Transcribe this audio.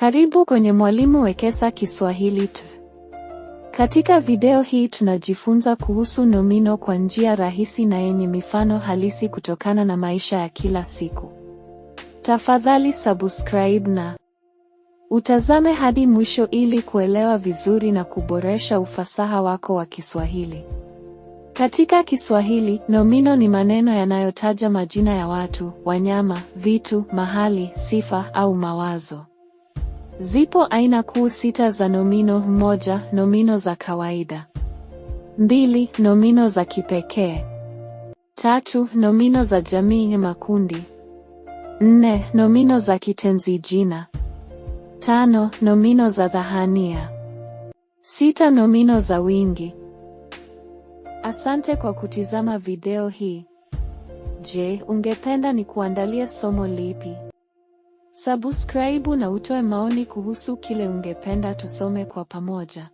Karibu kwenye Mwalimu Wekesa Kiswahili TV. Katika video hii tunajifunza kuhusu nomino kwa njia rahisi na yenye mifano halisi kutokana na maisha ya kila siku. Tafadhali subscribe na utazame hadi mwisho ili kuelewa vizuri na kuboresha ufasaha wako wa Kiswahili. Katika Kiswahili, nomino ni maneno yanayotaja majina ya watu, wanyama, vitu, mahali, sifa au mawazo. Zipo aina kuu sita za nomino. Moja, nomino za kawaida. Mbili, nomino za kipekee. Tatu, nomino za jamii makundi. Nne, nomino za kitenzi jina. Tano, nomino za dhahania. Sita, nomino za wingi. Asante kwa kutizama video hii. Je, ungependa ni kuandalia somo lipi? Subscribe na utoe maoni kuhusu kile ungependa tusome kwa pamoja.